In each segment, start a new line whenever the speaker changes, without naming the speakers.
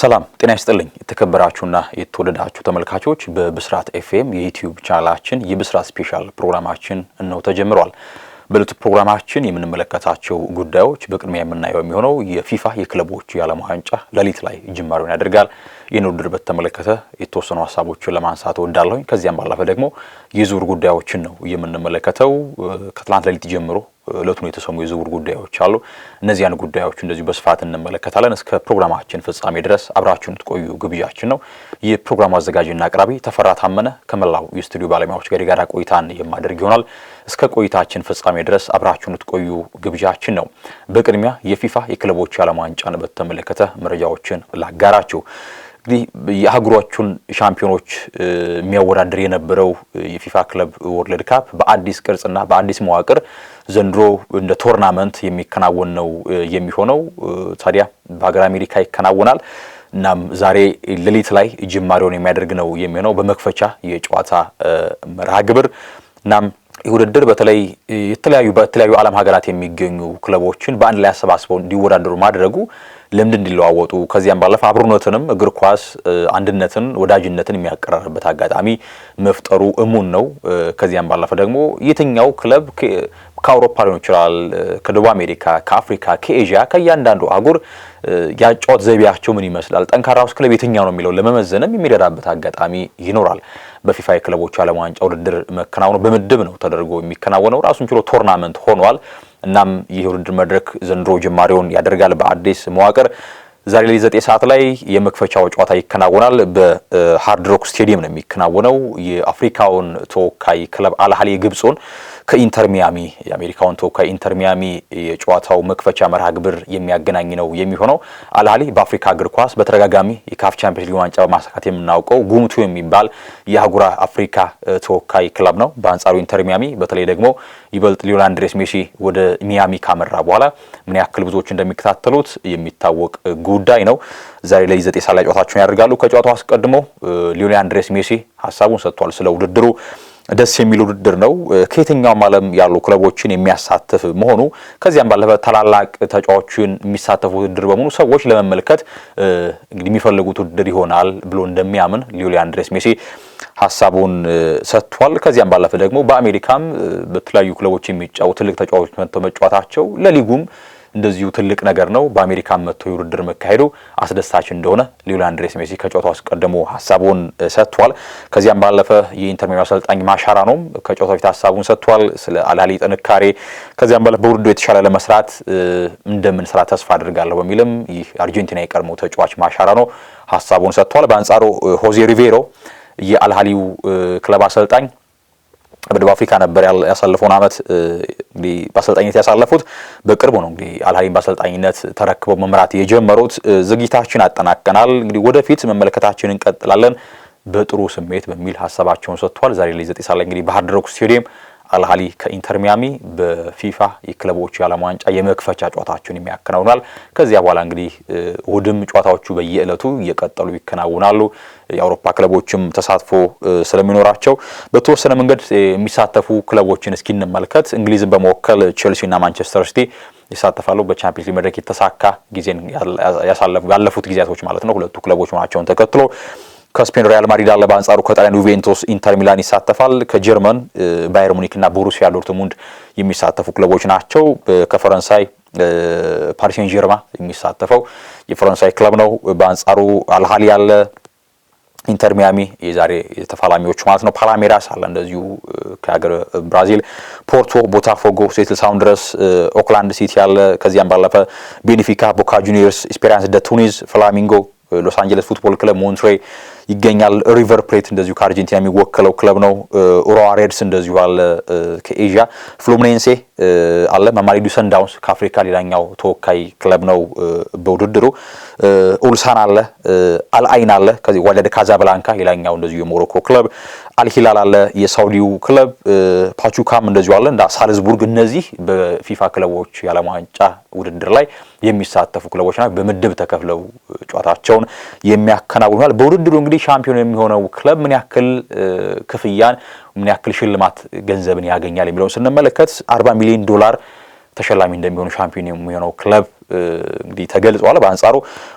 ሰላም ጤና ይስጥልኝ። የተከበራችሁና የተወደዳችሁ ተመልካቾች በብስራት ኤፍኤም የዩትዩብ ቻናላችን የብስራት ስፔሻል ፕሮግራማችን እነው ተጀምሯል። በዕለቱ ፕሮግራማችን የምንመለከታቸው ጉዳዮች በቅድሚያ የምናየው የሚሆነው የፊፋ የክለቦች የዓለም ዋንጫ ሌሊት ላይ ጅማሬውን ያደርጋል። ይህን ውድድር በተመለከተ የተወሰኑ ሀሳቦችን ለማንሳት እወዳለሁኝ። ከዚያም ባለፈ ደግሞ የዝውውር ጉዳዮችን ነው የምንመለከተው። ከትላንት ሌሊት ጀምሮ እለቱን የተሰሙ የዝውውር ጉዳዮች አሉ። እነዚያን ጉዳዮች እንደዚሁ በስፋት እንመለከታለን። እስከ ፕሮግራማችን ፍጻሜ ድረስ አብራችሁን ትቆዩ ግብዣችን ነው። የፕሮግራሙ አዘጋጅና አቅራቢ ተፈራ ታመነ ከመላው የስቱዲዮ ባለሙያዎች ጋር የጋራ ቆይታን የማደርግ ይሆናል። እስከ ቆይታችን ፍጻሜ ድረስ አብራችሁን ትቆዩ ግብዣችን ነው። በቅድሚያ የፊፋ የክለቦች ዓለም ዋንጫን በተመለከተ መረጃዎችን ላጋራችሁ። እንግዲህ የአህጉሯቹን ሻምፒዮኖች የሚያወዳድር የነበረው የፊፋ ክለብ ወርልድ ካፕ በአዲስ ቅርጽና በአዲስ መዋቅር ዘንድሮ እንደ ቶርናመንት የሚከናወን ነው የሚሆነው። ታዲያ በሀገር አሜሪካ ይከናወናል። እናም ዛሬ ሌሊት ላይ ጅማሬውን የሚያደርግ ነው የሚሆነው በመክፈቻ የጨዋታ መርሃ ግብር እናም ይህ ውድድር በተለይ የተለያዩ በተለያዩ ዓለም ሀገራት የሚገኙ ክለቦችን በአንድ ላይ አሰባስበው እንዲወዳደሩ ማድረጉ ልምድ እንዲለዋወጡ ከዚያም ባለፈ አብሮነትንም እግር ኳስ አንድነትን፣ ወዳጅነትን የሚያቀራርበት አጋጣሚ መፍጠሩ እሙን ነው። ከዚያም ባለፈ ደግሞ የትኛው ክለብ ከአውሮፓ ሊሆን ይችላል፣ ከደቡብ አሜሪካ፣ ከአፍሪካ፣ ከኤዥያ ከእያንዳንዱ አህጉር ያጫወት ዘይቤያቸው ምን ይመስላል፣ ጠንካራውስ ክለብ የትኛው ነው የሚለው ለመመዘንም የሚረዳበት አጋጣሚ ይኖራል። በፊፋ የክለቦች ዓለም ዋንጫ ውድድር መከናወኑ በምድብ ነው ተደርጎ የሚከናወነው ራሱን ችሎ ቶርናመንት ሆኗል። እናም ይህ ውድድር መድረክ ዘንድሮ ጅማሬውን ያደርጋል በአዲስ መዋቅር ዛሬ ላይ ዘጠኝ ሰዓት ላይ የመክፈቻው ጨዋታ ይከናወናል። በሃርድ ሮክ ስቴዲየም ነው የሚከናወነው። የአፍሪካውን ተወካይ ክለብ አልሃሊ ግብፁን ከኢንተር ሚያሚ የአሜሪካውን ተወካይ ኢንተር ሚያሚ የጨዋታው መክፈቻ መርሃ ግብር የሚያገናኝ ነው የሚሆነው። አልሃሊ በአፍሪካ እግር ኳስ በተደጋጋሚ የካፍ ቻምፒዮንስ ሊግ ዋንጫ በማሳካት የምናውቀው ጉምቱ የሚባል የአህጉረ አፍሪካ ተወካይ ክለብ ነው። በአንጻሩ ኢንተር ሚያሚ በተለይ ደግሞ ይበልጥ ሊዮኔል አንድሬስ ሜሲ ወደ ሚያሚ ካመራ በኋላ ምን ያክል ብዙዎች እንደሚከታተሉት የሚታወቅ ጉ ጉዳይ ነው። ዛሬ ላይ ዘጠኝ ሰዓት ላይ ጨዋታቸውን ያደርጋሉ። ከጨዋታው አስቀድሞ ሊዮኔል አንድሬስ ሜሲ ሀሳቡን ሰጥቷል ስለ ውድድሩ። ደስ የሚል ውድድር ነው፣ ከየትኛውም ዓለም ያሉ ክለቦችን የሚያሳትፍ መሆኑ ከዚያም ባለፈ ታላላቅ ተጫዋቾችን የሚሳተፉ ውድድር በመሆኑ ሰዎች ለመመልከት እንግዲህ የሚፈልጉት ውድድር ይሆናል ብሎ እንደሚያምን ሊዮኔል አንድሬስ ሜሲ ሀሳቡን ሰጥቷል። ከዚያም ባለፈ ደግሞ በአሜሪካም በተለያዩ ክለቦች የሚጫወቱ ትልቅ ተጫዋቾች መጥተው መጫወታቸው ለሊጉም እንደዚሁ ትልቅ ነገር ነው። በአሜሪካ መጥቶ የውድድር መካሄዱ አስደሳች እንደሆነ ሊዮኔል አንድሬስ ሜሲ ከጨዋታው አስቀድሞ ሀሳቡን ሰጥቷል። ከዚያም ባለፈ የኢንተር ሚላን አሰልጣኝ ማሻራ ነው ከጨዋታው በፊት ሀሳቡን ሰጥቷል ስለ አላሊ ጥንካሬ፣ ከዚያም ባለፈ በውድድሩ የተሻለ ለመስራት እንደምን ስራ ተስፋ አድርጋለሁ በሚልም ይህ አርጀንቲና የቀድሞ ተጫዋች ማሻራ ነው ሀሳቡን ሰጥቷል። በአንጻሩ ሆዜ ሪቬሮ የአልሃሊው ክለብ አሰልጣኝ በደቡብ አፍሪካ ነበር ያሳለፈውን ዓመት እንግዲህ በአሰልጣኝነት ያሳለፉት። በቅርቡ ነው እንግዲህ አልሃሊን በአሰልጣኝነት ተረክበው መምራት የጀመሩት። ዝግጅታችን አጠናቀናል። እንግዲህ ወደፊት መመለከታችን እንቀጥላለን በጥሩ ስሜት በሚል ሀሳባቸውን ሰጥቷል። ዛሬ ላይ ዘጠኝ ሰዓት ላይ እንግዲህ በሀርድ ስቴዲየም አልሃሊ ከኢንተር ሚያሚ በፊፋ የክለቦቹ የዓለም ዋንጫ የመክፈቻ ጨዋታቸውን የሚያከናውናል። ከዚያ በኋላ እንግዲህ እሁድም ጨዋታዎቹ በየዕለቱ እየቀጠሉ ይከናውናሉ። የአውሮፓ ክለቦችም ተሳትፎ ስለሚኖራቸው በተወሰነ መንገድ የሚሳተፉ ክለቦችን እስኪ እንመልከት። እንግሊዝን በመወከል ቼልሲና ማንቸስተር ሲቲ ይሳተፋሉ። በቻምፒዮንስ ሊግ መድረክ የተሳካ ጊዜን ያለፉት ጊዜያቶች ማለት ነው ሁለቱ ክለቦች መሆናቸውን ተከትሎ ከስፔን ሪያል ማድሪድ አለ። በአንጻሩ ከጣሊያን ዩቬንቶስ፣ ኢንተር ሚላን ይሳተፋል። ከጀርመን ባየር ሙኒክ እና ቦሩሲያ ዶርትሙንድ የሚሳተፉ ክለቦች ናቸው። ከፈረንሳይ ፓሪስ ሴን ጀርማ የሚሳተፈው የፈረንሳይ ክለብ ነው። በአንጻሩ አልሃሊ አለ። ኢንተር ሚያሚ የዛሬ ተፋላሚዎች ማለት ነው። ፓላሜራስ አለ እንደዚሁ ከሀገር ብራዚል፣ ፖርቶ፣ ቦታፎጎ፣ ሴትል ሳውን ድረስ ኦክላንድ ሲቲ አለ። ከዚያም ባለፈ ቤኔፊካ፣ ቦካ ጁኒየርስ፣ ኤስፔራንስ ደ ቱኒዝ፣ ፍላሚንጎ፣ ሎስ አንጀለስ ፉትቦል ክለብ፣ ሞንትሬ ይገኛል። ሪቨር ፕሌት እንደዚሁ ከአርጀንቲና የሚወከለው ክለብ ነው። ኡራዋ ሬድስ እንደዚሁ አለ ከኤዥያ። ፍሉምኔንሴ አለ። ማማሌዲ ሰንዳውንስ ከአፍሪካ ሌላኛው ተወካይ ክለብ ነው በውድድሩ። ኡልሳን አለ፣ አልአይን አለ፣ ከዚህ ወለደ ካዛብላንካ ሌላኛው እንደዚሁ የሞሮኮ ክለብ፣ አልሂላል አለ የሳውዲው ክለብ፣ ፓቹካም እንደዚሁ አለ እንደ ሳልዝቡርግ። እነዚህ በፊፋ ክለቦች የዓለም ዋንጫ ውድድር ላይ የሚሳተፉ ክለቦች ናቸው። በምድብ ተከፍለው ጨዋታቸውን የሚያከናውኑል። በውድድሩ እንግዲህ እንግዲህ ሻምፒዮን የሚሆነው ክለብ ምን ያክል ክፍያን ምን ያክል ሽልማት ገንዘብን ያገኛል የሚለውን ስንመለከት 40 ሚሊዮን ዶላር ተሸላሚ እንደሚሆኑ ሻምፒዮን የሚሆነው ክለብ እንግዲህ ተገልጿል። በአንጻሩ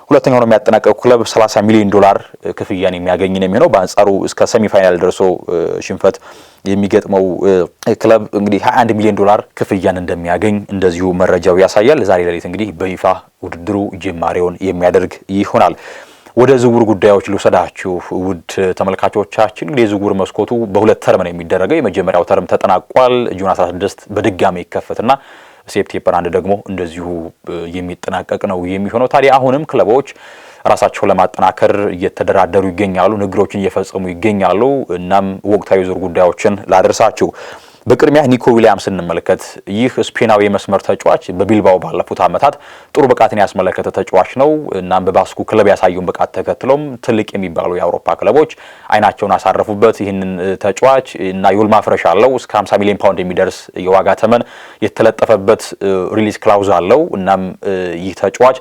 ሁለተኛው ነው የሚያጠናቀው ክለብ 30 ሚሊዮን ዶላር ክፍያን የሚያገኝ ነው የሚሆነው። በአንጻሩ እስከ ሰሚፋይናል ደርሶ ሽንፈት የሚገጥመው ክለብ እንግዲህ 21 ሚሊዮን ዶላር ክፍያን እንደሚያገኝ እንደዚሁ መረጃው ያሳያል። ዛሬ ሌሊት እንግዲህ በይፋ ውድድሩ ጅማሬውን የሚያደርግ ይሆናል። ወደ ዝውውር ጉዳዮች ልውሰዳችሁ ውድ ተመልካቾቻችን። እንግዲህ የዝውውር መስኮቱ በሁለት ተርም ነው የሚደረገው። የመጀመሪያው ተርም ተጠናቋል። ጁን 16 በድጋሚ ይከፈትና ሴፕቴምበር አንድ ደግሞ እንደዚሁ የሚጠናቀቅ ነው የሚሆነው። ታዲያ አሁንም ክለቦች ራሳቸው ለማጠናከር እየተደራደሩ ይገኛሉ፣ ንግግሮችን እየፈጸሙ ይገኛሉ። እናም ወቅታዊ ዙር ጉዳዮችን ላደርሳችሁ በቅድሚያ ኒኮ ዊሊያምስ እንመልከት። ይህ ስፔናዊ የመስመር ተጫዋች በቢልባው ባለፉት ዓመታት ጥሩ ብቃትን ያስመለከተ ተጫዋች ነው። እናም በባስኩ ክለብ ያሳየውን ብቃት ተከትሎም ትልቅ የሚባሉ የአውሮፓ ክለቦች አይናቸውን አሳረፉበት። ይህንን ተጫዋች እና የውል ማፍረሻ አለው። እስከ 50 ሚሊዮን ፓውንድ የሚደርስ የዋጋ ተመን የተለጠፈበት ሪሊዝ ክላውዝ አለው። እናም ይህ ተጫዋች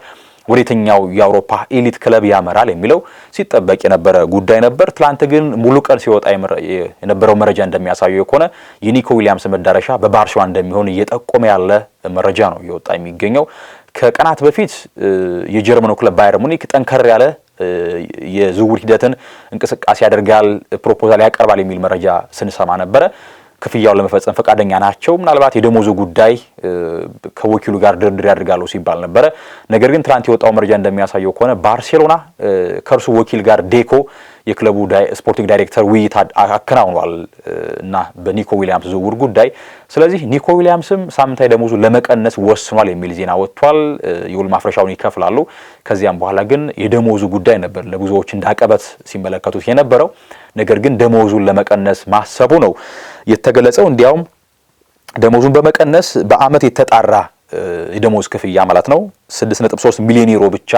ወደ የትኛው የአውሮፓ ኤሊት ክለብ ያመራል የሚለው ሲጠበቅ የነበረ ጉዳይ ነበር። ትላንት ግን ሙሉ ቀን ሲወጣ የነበረው መረጃ እንደሚያሳየው የሆነ የኒኮ ዊሊያምስ መዳረሻ በባርሻዋ እንደሚሆን እየጠቆመ ያለ መረጃ ነው እየወጣ የሚገኘው። ከቀናት በፊት የጀርመኑ ክለብ ባየር ሙኒክ ጠንከር ያለ የዝውውር ሂደትን እንቅስቃሴ ያደርጋል፣ ፕሮፖዛል ያቀርባል የሚል መረጃ ስንሰማ ነበረ። ክፍያውን ለመፈጸም ፈቃደኛ ናቸው። ምናልባት የደሞዙ ጉዳይ ከወኪሉ ጋር ድርድር ያደርጋሉ ሲባል ነበረ። ነገር ግን ትናንት የወጣው መረጃ እንደሚያሳየው ከሆነ ባርሴሎና ከእርሱ ወኪል ጋር ዴኮ የክለቡ ስፖርቲንግ ዳይሬክተር ውይይት አከናውኗል እና በኒኮ ዊሊያምስ ዝውውር ጉዳይ። ስለዚህ ኒኮ ዊሊያምስም ሳምንታዊ ደሞዙ ለመቀነስ ወስኗል የሚል ዜና ወጥቷል። የውል ማፍረሻውን ይከፍላሉ። ከዚያም በኋላ ግን የደሞዙ ጉዳይ ነበር ለብዙዎች እንዳቀበት ሲመለከቱት የነበረው። ነገር ግን ደሞዙን ለመቀነስ ማሰቡ ነው የተገለጸው። እንዲያውም ደሞዙን በመቀነስ በአመት የተጣራ የደሞዝ ክፍያ ማለት ነው 6.3 ሚሊዮን ዩሮ ብቻ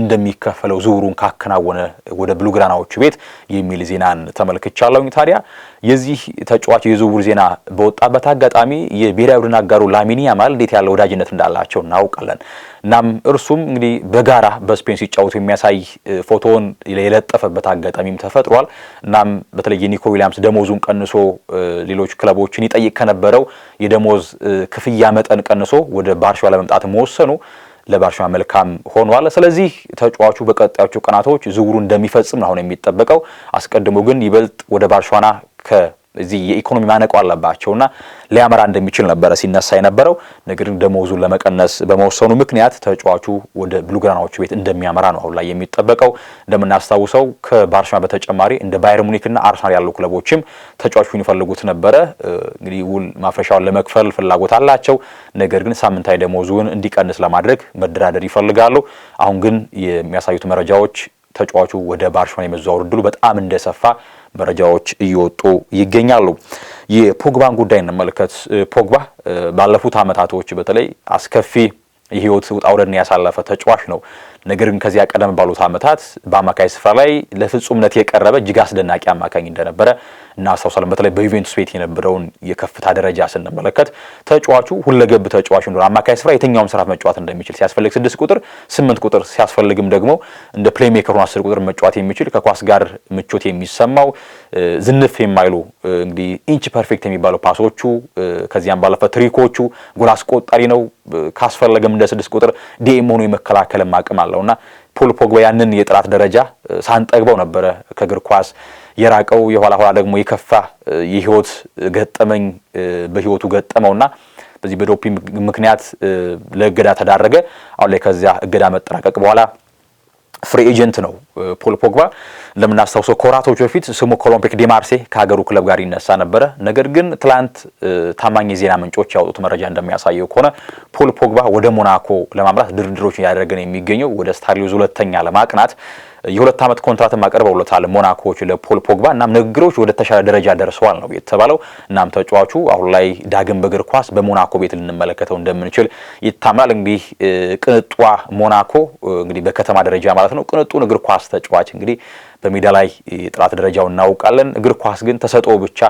እንደሚከፈለው ዝውውሩን ካከናወነ ወደ ብሉግራናዎቹ ቤት የሚል ዜናን ተመልክቻለሁኝ። ታዲያ የዚህ ተጫዋች የዝውውር ዜና በወጣበት አጋጣሚ የብሔራዊ ቡድን አጋሩ ላሚኒ ያማል እንዴት ያለ ወዳጅነት እንዳላቸው እናውቃለን። እናም እርሱም እንግዲህ በጋራ በስፔን ሲጫወቱ የሚያሳይ ፎቶውን የለጠፈበት አጋጣሚም ተፈጥሯል። እናም በተለይ የኒኮ ዊሊያምስ ደሞዙን ቀንሶ ሌሎች ክለቦችን ይጠይቅ ከነበረው የደሞዝ ክፍያ መጠን ቀንሶ ወደ ባርሻ ለመምጣት መወሰኑ ለባርሻ መልካም ሆኗል። ስለዚህ ተጫዋቹ በቀጣዮቹ ቀናቶች ዝውውሩ እንደሚፈጽም ነው አሁን የሚጠበቀው። አስቀድሞ ግን ይበልጥ ወደ ባርሻና እዚህ የኢኮኖሚ ማነቆ አለባቸውና ሊያመራ እንደሚችል ነበረ ሲነሳ የነበረው። ነገር ግን ደሞዙን ለመቀነስ በመወሰኑ ምክንያት ተጫዋቹ ወደ ብሉግራናዎቹ ቤት እንደሚያመራ ነው አሁን ላይ የሚጠበቀው። እንደምናስታውሰው ከባርሻ በተጨማሪ እንደ ባየር ሙኒክና አርሰናል ያሉ ክለቦችም ተጫዋቹን ይፈልጉት ነበረ። እንግዲህ ውል ማፍረሻውን ለመክፈል ፍላጎት አላቸው። ነገር ግን ሳምንታዊ ደሞዙን እንዲቀንስ ለማድረግ መደራደር ይፈልጋሉ። አሁን ግን የሚያሳዩት መረጃዎች ተጫዋቹ ወደ ባርሻን የመዘዋወር እድሉ በጣም እንደሰፋ መረጃዎች እየወጡ ይገኛሉ። የፖግባን ጉዳይ እንመልከት። ፖግባ ባለፉት ዓመታቶች በተለይ አስከፊ የህይወት ውጣ ውረድን ያሳለፈ ተጫዋች ነው። ነገር ግን ከዚያ ቀደም ባሉት ዓመታት በአማካይ ስፍራ ላይ ለፍጹምነት የቀረበ እጅግ አስደናቂ አማካኝ እንደነበረ እናስታውሳለን። በተለይ በዩቬንቱስ ቤት የነበረውን የከፍታ ደረጃ ስንመለከት ተጫዋቹ ሁለገብ ተጫዋች እንደሆነ አማካይ ስፍራ የትኛውም ስራት መጫወት እንደሚችል ሲያስፈልግ ስድስት ቁጥር ስምንት ቁጥር ሲያስፈልግም ደግሞ እንደ ፕሌይሜከሩን አስር ቁጥር መጫወት የሚችል ከኳስ ጋር ምቾት የሚሰማው ዝንፍ የማይሉ እንግዲህ ኢንች ፐርፌክት የሚባለው ፓሶቹ ከዚያም ባለፈ ትሪኮቹ ጎል አስቆጣሪ ነው። ካስፈለገም እንደ ስድስት ቁጥር ዲኤም ሆኖ የመከላከልም አቅም አለው። እና ፖል ፖግባ ያንን የጥራት ደረጃ ሳንጠግበው ነበረ ከእግር ኳስ የራቀው። የኋላ ኋላ ደግሞ የከፋ የህይወት ገጠመኝ በህይወቱ ገጠመውና በዚህ በዶፒ ምክንያት ለእገዳ ተዳረገ። አሁን ላይ ከዚያ እገዳ መጠናቀቅ በኋላ ፍሪ ኤጀንት ነው ፖል ፖግባ። እንደምናስታውሰው ከወራቶች በፊት ስሙ ከኦሎምፒክ ዲማርሴ ማርሴ ከሀገሩ ክለብ ጋር ይነሳ ነበረ። ነገር ግን ትላንት ታማኝ የዜና ምንጮች ያወጡት መረጃ እንደሚያሳየው ከሆነ ፖል ፖግባ ወደ ሞናኮ ለማምራት ድርድሮች እያደረገ ነው የሚገኘው ወደ ስታር ሁለተኛ ለማቅናት የሁለት ዓመት ኮንትራትም አቅርበውለታል ሞናኮዎች ለፖል ፖግባ። እናም ንግግሮች ወደ ተሻለ ደረጃ ደርሰዋል ነው የተባለው። እናም ተጫዋቹ አሁን ላይ ዳግም በእግር ኳስ በሞናኮ ቤት ልንመለከተው እንደምንችል ይታመናል። እንግዲህ ቅንጧ ሞናኮ እንግዲህ በከተማ ደረጃ ማለት ነው ቅንጡን እግር ኳስ ተጫዋች እንግዲህ በሜዳ ላይ ጥራት ደረጃው እናውቃለን። እግር ኳስ ግን ተሰጥኦ ብቻ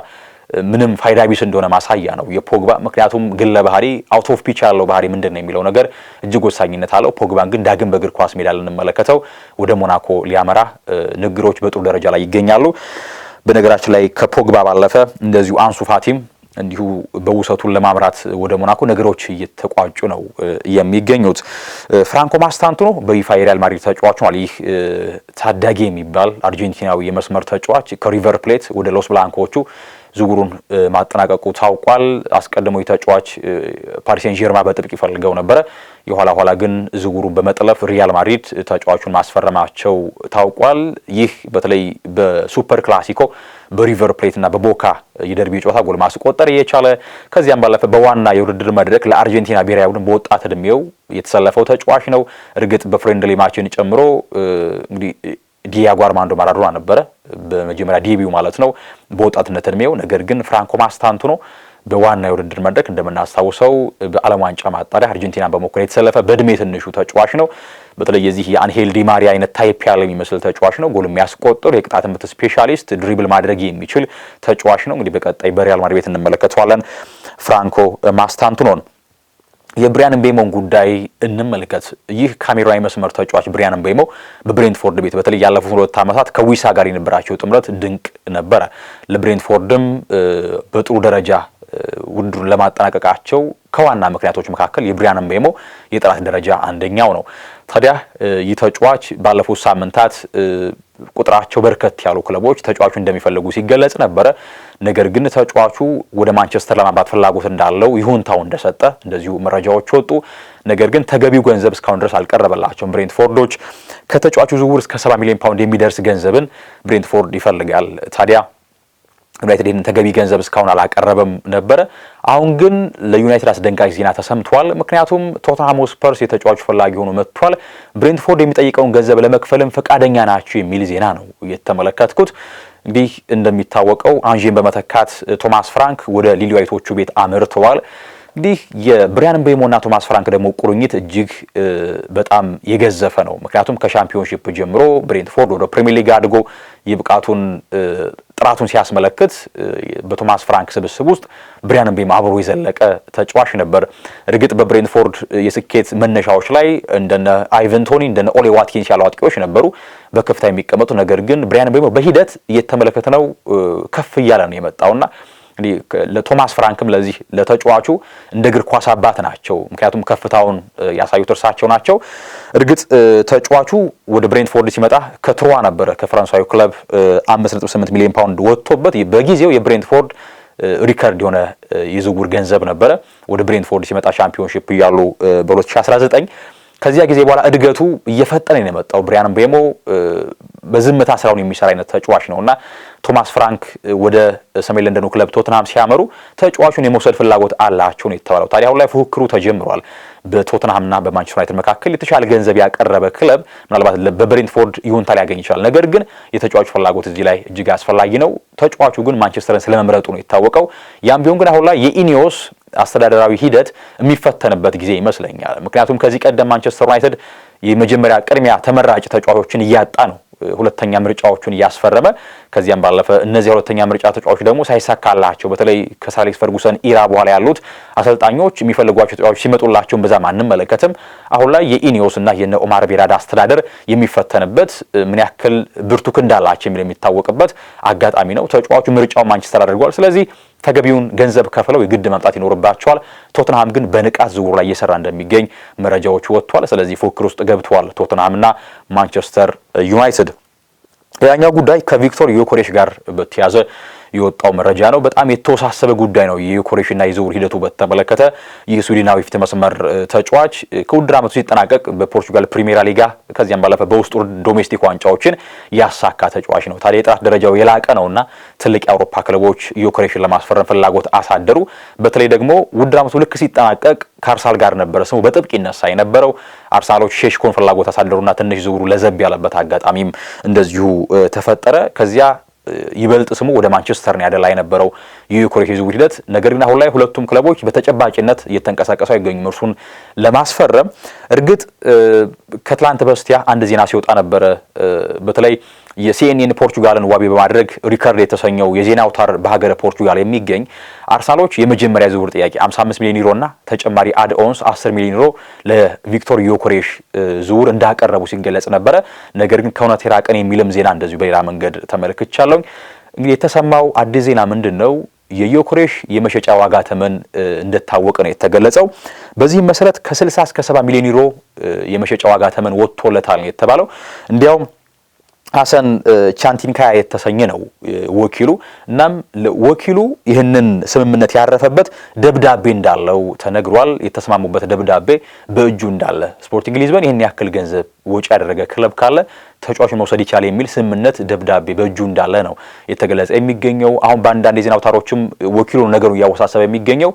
ምንም ፋይዳ ቢስ እንደሆነ ማሳያ ነው የፖግባ። ምክንያቱም ግለ ባህሪ አውት ኦፍ ፒች ያለው ባህሪ ምንድን ነው የሚለው ነገር እጅግ ወሳኝነት አለው። ፖግባን ግን ዳግም በእግር ኳስ ሜዳ ልንመለከተው ወደ ሞናኮ ሊያመራ ንግግሮች በጥሩ ደረጃ ላይ ይገኛሉ። በነገራችን ላይ ከፖግባ ባለፈ እንደዚሁ አንሱ ፋቲም እንዲሁ በውሰቱን ለማምራት ወደ ሞናኮ ነገሮች እየተቋጩ ነው የሚገኙት። ፍራንኮ ማስታንቱኖ በይፋ የሪያል ማድሪድ ተጫዋች ሆኗል። ይህ ታዳጊ የሚባል አርጀንቲናዊ የመስመር ተጫዋች ከሪቨር ፕሌት ወደ ሎስ ብላንኮዎቹ ዝውውሩን ማጠናቀቁ ታውቋል። አስቀድሞ የተጫዋች ፓሪሴን ጀርማ በጥብቅ ይፈልገው ነበረ። የኋላ ኋላ ግን ዝውውሩን በመጥለፍ ሪያል ማድሪድ ተጫዋቹን ማስፈረማቸው ታውቋል። ይህ በተለይ በሱፐር ክላሲኮ በሪቨር ፕሌትና በቦካ የደርቢ ጨዋታ ጎል ማስቆጠር የቻለ ከዚያም ባለፈ በዋና የውድድር መድረክ ለአርጀንቲና ብሔራዊ ቡድን በወጣት እድሜው የተሰለፈው ተጫዋች ነው። እርግጥ በፍሬንድሊ ማችን ጨምሮ እንግዲህ ዲያጎ አርማንዶ ማራዶና ነበረ በመጀመሪያ ዴቢው ማለት ነው በወጣትነት እድሜው። ነገር ግን ፍራንኮ ነው በዋና የውድድር መድረክ እንደምናስታውሰው በዓለም ዋንጫ ማጣሪያ አርጀንቲናን በሞከር የተሰለፈ በእድሜ ትንሹ ተጫዋች ነው። በተለይ የዚህ የአንሄል ዲማሪ አይነት ታይፕ ያለ የሚመስል ተጫዋች ነው። ጎል የሚያስቆጥር የቅጣት ምት ስፔሻሊስት፣ ድሪብል ማድረግ የሚችል ተጫዋች ነው። እንግዲህ በቀጣይ በሪያል ማድቤት እንመለከተዋለን ፍራንኮ ነው የብሪያን ምቤሞን ጉዳይ እንመልከት። ይህ ካሜራዊ መስመር ተጫዋች ብሪያን ምቤሞ በብሬንትፎርድ ቤት በተለይ ያለፉት ሁለት ዓመታት ከዊሳ ጋር የነበራቸው ጥምረት ድንቅ ነበረ። ለብሬንትፎርድም በጥሩ ደረጃ ውድድሩን ለማጠናቀቃቸው ከዋና ምክንያቶች መካከል የብሪያን ምቤሞ የጥራት ደረጃ አንደኛው ነው። ታዲያ ይህ ተጫዋች ባለፉት ሳምንታት ቁጥራቸው በርከት ያሉ ክለቦች ተጫዋቹ እንደሚፈልጉ ሲገለጽ ነበረ። ነገር ግን ተጫዋቹ ወደ ማንቸስተር ለማምራት ፍላጎት እንዳለው ይሁንታው እንደሰጠ እንደዚሁ መረጃዎች ወጡ። ነገር ግን ተገቢው ገንዘብ እስካሁን ድረስ አልቀረበላቸውም። ብሬንትፎርዶች ከተጫዋቹ ዝውውር እስከ 70 ሚሊዮን ፓውንድ የሚደርስ ገንዘብን ብሬንትፎርድ ይፈልጋል ታዲያ ዩናይትድ ይህን ተገቢ ገንዘብ እስካሁን አላቀረበም ነበረ። አሁን ግን ለዩናይትድ አስደንጋጭ ዜና ተሰምቷል። ምክንያቱም ቶተንሃም ስፐርስ የተጫዋቹ ፈላጊ ሆኖ መጥቷል። ብሬንትፎርድ የሚጠይቀውን ገንዘብ ለመክፈልም ፈቃደኛ ናቸው የሚል ዜና ነው የተመለከትኩት። እንግዲህ እንደሚታወቀው አንዤን በመተካት ቶማስ ፍራንክ ወደ ሊሊዋይቶቹ ቤት አምርተዋል። እንግዲህ የብሪያን ምቤሞና ቶማስ ፍራንክ ደግሞ ቁርኝት እጅግ በጣም የገዘፈ ነው። ምክንያቱም ከሻምፒዮንሺፕ ጀምሮ ብሬንትፎርድ ወደ ፕሪሚየር ሊግ አድጎ የብቃቱን ጥራቱን ሲያስመለክት በቶማስ ፍራንክ ስብስብ ውስጥ ብሪያን ቤም አብሮ የዘለቀ ተጫዋች ነበር። እርግጥ በብሬንፎርድ የስኬት መነሻዎች ላይ እንደነ አይቨንቶኒ እንደነ ኦሌ ዋትኪንስ ያሉ አጥቂዎች ነበሩ በከፍታ የሚቀመጡ ነገር ግን ብሪያን ቤ በሂደት እየተመለከት ነው ከፍ እያለ ነው የመጣውና እንግዲህ ለቶማስ ፍራንክም ለዚህ ለተጫዋቹ እንደ እግር ኳስ አባት ናቸው። ምክንያቱም ከፍታውን ያሳዩት እርሳቸው ናቸው። እርግጥ ተጫዋቹ ወደ ብሬንትፎርድ ሲመጣ ከትሯ ነበረ ከፈረንሳዊ ክለብ 5.8 ሚሊዮን ፓውንድ ወጥቶበት በጊዜው የብሬንትፎርድ ሪከርድ የሆነ የዝውውር ገንዘብ ነበረ። ወደ ብሬንትፎርድ ሲመጣ ሻምፒዮንሺፕ እያሉ በ2019 ከዚያ ጊዜ በኋላ እድገቱ እየፈጠነ ነው የመጣው። ብሪያን ቤሞ በዝምታ ስራውን የሚሰራ አይነት ተጫዋች ነው እና ቶማስ ፍራንክ ወደ ሰሜን ለንደኑ ክለብ ቶትናም ሲያመሩ ተጫዋቹን የመውሰድ ፍላጎት አላቸውን የተባለው ታዲያ አሁን ላይ ፉክክሩ ተጀምሯል። በቶትናምና በማንቸስተር ዩናይትድ መካከል የተሻለ ገንዘብ ያቀረበ ክለብ ምናልባት በብሬንትፎርድ ይሁንታ ሊያገኝ ይችላል። ነገር ግን የተጫዋቹ ፍላጎት እዚህ ላይ እጅግ አስፈላጊ ነው። ተጫዋቹ ግን ማንቸስተርን ስለመምረጡ ነው የታወቀው። ያም ቢሆን ግን አሁን ላይ የኢኒዮስ አስተዳደራዊ ሂደት የሚፈተንበት ጊዜ ይመስለኛል። ምክንያቱም ከዚህ ቀደም ማንቸስተር ዩናይትድ የመጀመሪያ ቅድሚያ ተመራጭ ተጫዋቾችን እያጣ ነው ሁለተኛ ምርጫዎቹን እያስፈረመ ከዚያም ባለፈ እነዚህ ሁለተኛ ምርጫ ተጫዋቾች ደግሞ ሳይሳካላቸው በተለይ ከሳሌክስ ፈርጉሰን ኢራ በኋላ ያሉት አሰልጣኞች የሚፈልጓቸው ተጫዋቾች ሲመጡላቸውን በዛም አንመለከትም። አሁን ላይ የኢኒዮስ እና የነ ኦማር ቤራዳ አስተዳደር የሚፈተንበት ምን ያክል ብርቱክ እንዳላቸው የሚል የሚታወቅበት አጋጣሚ ነው። ተጫዋቹ ምርጫው ማንቸስተር አድርጓል። ስለዚህ ተገቢውን ገንዘብ ከፍለው የግድ መምጣት ይኖርባቸዋል። ቶትንሃም ግን በንቃት ዝውውሩ ላይ እየሰራ እንደሚገኝ መረጃዎች ወጥቷል። ስለዚህ ፉክክር ውስጥ ገብተዋል ቶትንሃምና ማንቸስተር ዩናይትድ። ሌላኛው ጉዳይ ከቪክቶር ዮኮሬሽ ጋር በተያዘ የወጣው መረጃ ነው። በጣም የተወሳሰበ ጉዳይ ነው የኮሬሽና የዝውውር ሂደቱ በተመለከተ። ይህ ስዊድናዊ ፊት መስመር ተጫዋች ከውድድር ዓመቱ ሲጠናቀቅ በፖርቹጋል ፕሪሜራ ሊጋ ከዚያም ባለፈ በውስጡ ዶሜስቲክ ዋንጫዎችን ያሳካ ተጫዋች ነው። ታዲያ የጥራት ደረጃው የላቀ ነውና ትልቅ የአውሮፓ ክለቦች ዮኬሬሽን ለማስፈረም ፍላጎት አሳደሩ። በተለይ ደግሞ ውድድር ዓመቱ ልክ ሲጠናቀቅ ከአርሳል ጋር ነበረ ስሙ በጥብቅ ይነሳ የነበረው። አርሳሎች ሼሽኮን ፍላጎት አሳደሩና ትንሽ ዝውውሩ ለዘብ ያለበት አጋጣሚም እንደዚሁ ተፈጠረ። ከዚያ ይበልጥ ስሙ ወደ ማንቸስተር ነው ያደላ የነበረው የዩክሬን ዝውውር ሂደት። ነገር ግን አሁን ላይ ሁለቱም ክለቦች በተጨባጭነት እየተንቀሳቀሱ አይገኙም። እርሱን ለማስፈረም እርግጥ ከትላንት በስቲያ አንድ ዜና ሲወጣ ነበረ። በተለይ የሲኤንኤን ፖርቹጋልን ዋቢ በማድረግ ሪከርድ የተሰኘው የዜና አውታር በሀገረ ፖርቹጋል የሚገኝ አርሰናሎች የመጀመሪያ ዝውውር ጥያቄ 55 ሚሊዮን ዩሮ እና ተጨማሪ አድ ኦንስ 10 ሚሊዮን ዩሮ ለቪክቶር ዮኮሬሽ ዝውውር እንዳቀረቡ ሲገለጽ ነበረ። ነገር ግን ከእውነት የራቀን የሚልም ዜና እንደዚሁ በሌላ መንገድ ተመልክቻለሁ። እንግዲህ የተሰማው አዲስ ዜና ምንድን ነው? የዮኮሬሽ የመሸጫ ዋጋ ተመን እንደታወቀ ነው የተገለጸው። በዚህም መሰረት ከ60 እስከ 70 ሚሊዮን ዩሮ የመሸጫ ዋጋ ተመን ወጥቶለታል ነው የተባለው እንዲያውም ሀሰን ቻንቲንካያ የተሰኘ ነው ወኪሉ። እናም ወኪሉ ይህንን ስምምነት ያረፈበት ደብዳቤ እንዳለው ተነግሯል። የተስማሙበት ደብዳቤ በእጁ እንዳለ ስፖርቲንግ ሊዝበን ይህን ያክል ገንዘብ ወጪ ያደረገ ክለብ ካለ ተጫዋቹን መውሰድ ይቻል የሚል ስምምነት ደብዳቤ በእጁ እንዳለ ነው የተገለጸ የሚገኘው። አሁን በአንዳንድ የዜና አውታሮችም ወኪሉ ነገሩ እያወሳሰበ የሚገኘው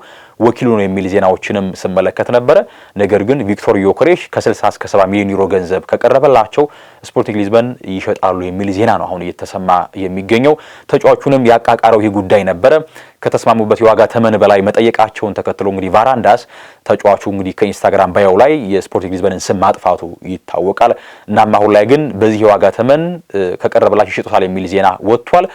ወኪሉ ነው የሚል ዜናዎችንም ስመለከት ነበረ። ነገር ግን ቪክቶር ዮኮሬሽ ከ60 እስከ 70 ሚሊዮን ዩሮ ገንዘብ ከቀረበላቸው ስፖርቲንግ ሊዝበን ይሸጣሉ የሚል ዜና ነው አሁን እየተሰማ የሚገኘው። ተጫዋቹንም ያቃቃረው ይህ ጉዳይ ነበረ። ከተስማሙበት የዋጋ ተመን በላይ መጠየቃቸውን ተከትሎ እንግዲህ ቫራንዳስ ተጫዋቹ እንግዲህ ከኢንስታግራም ባየው ላይ የስፖርቲንግ ሊዝበንን ስም ማጥፋቱ ይታወቃል። እናም አሁን ላይ ግን በዚህ የዋጋ ተመን ከቀረበላቸው ይሸጡታል የሚል ዜና ወጥቷል።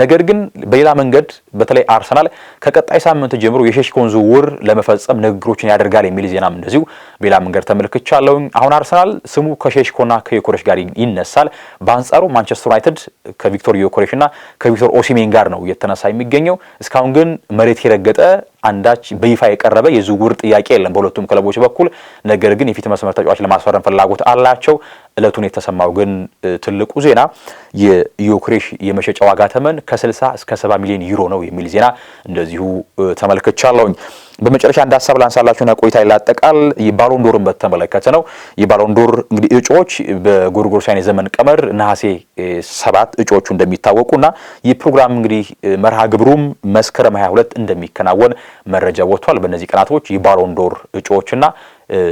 ነገር ግን በሌላ መንገድ በተለይ አርሰናል ከቀጣይ ሳምንት ጀምሮ የሼሽኮን ዝውውር ለመፈጸም ንግግሮችን ያደርጋል የሚል ዜናም እንደዚሁ በሌላ መንገድ ተመልክቻለሁ። አሁን አርሰናል ስሙ ከሼሽኮና ከዮኮሬሽ ጋር ይነሳል። በአንጻሩ ማንቸስተር ዩናይትድ ከቪክቶር ዮኮሬሽና ከቪክቶር ኦሲሜን ጋር ነው እየተነሳ የሚገኘው። እስካሁን ግን መሬት የረገጠ አንዳች በይፋ የቀረበ የዝውውር ጥያቄ የለም በሁለቱም ክለቦች በኩል። ነገር ግን የፊት መስመር ተጫዋች ለማስፈረም ፍላጎት አላቸው። እለቱን የተሰማው ግን ትልቁ ዜና የዮክሬሽ የመሸጫ ዋጋ ተመን ከ60 እስከ 70 ሚሊዮን ዩሮ ነው የሚል ዜና እንደዚሁ ተመልክቻለሁኝ። በመጨረሻ አንድ ሀሳብ ላንሳላችሁና ቆይታ ይላጠቃል። የባሎንዶርን በተመለከተ ነው። የባሎንዶር እንግዲህ እጩዎች በጎርጎሮሳውያን የዘመን ቀመር ነሐሴ ሰባት እጩዎቹ እንደሚታወቁ እና ይህ ፕሮግራም እንግዲህ መርሃ ግብሩም መስከረም ሀያ ሁለት እንደሚከናወን መረጃ ወጥቷል። በእነዚህ ቀናቶች የባሎንዶር እጩዎችና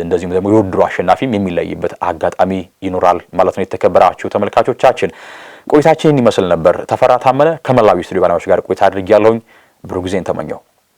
እንደዚሁም ደግሞ የውድድሩ አሸናፊም የሚለይበት አጋጣሚ ይኖራል ማለት ነው። የተከበራችሁ ተመልካቾቻችን ቆይታችን ይመስል ነበር። ተፈራ ታመነ ከመላዊ ስቱዲዮ ባለሙያዎች ጋር ቆይታ አድርጌ ያለሁኝ ብሩ ጊዜን ተመኘው።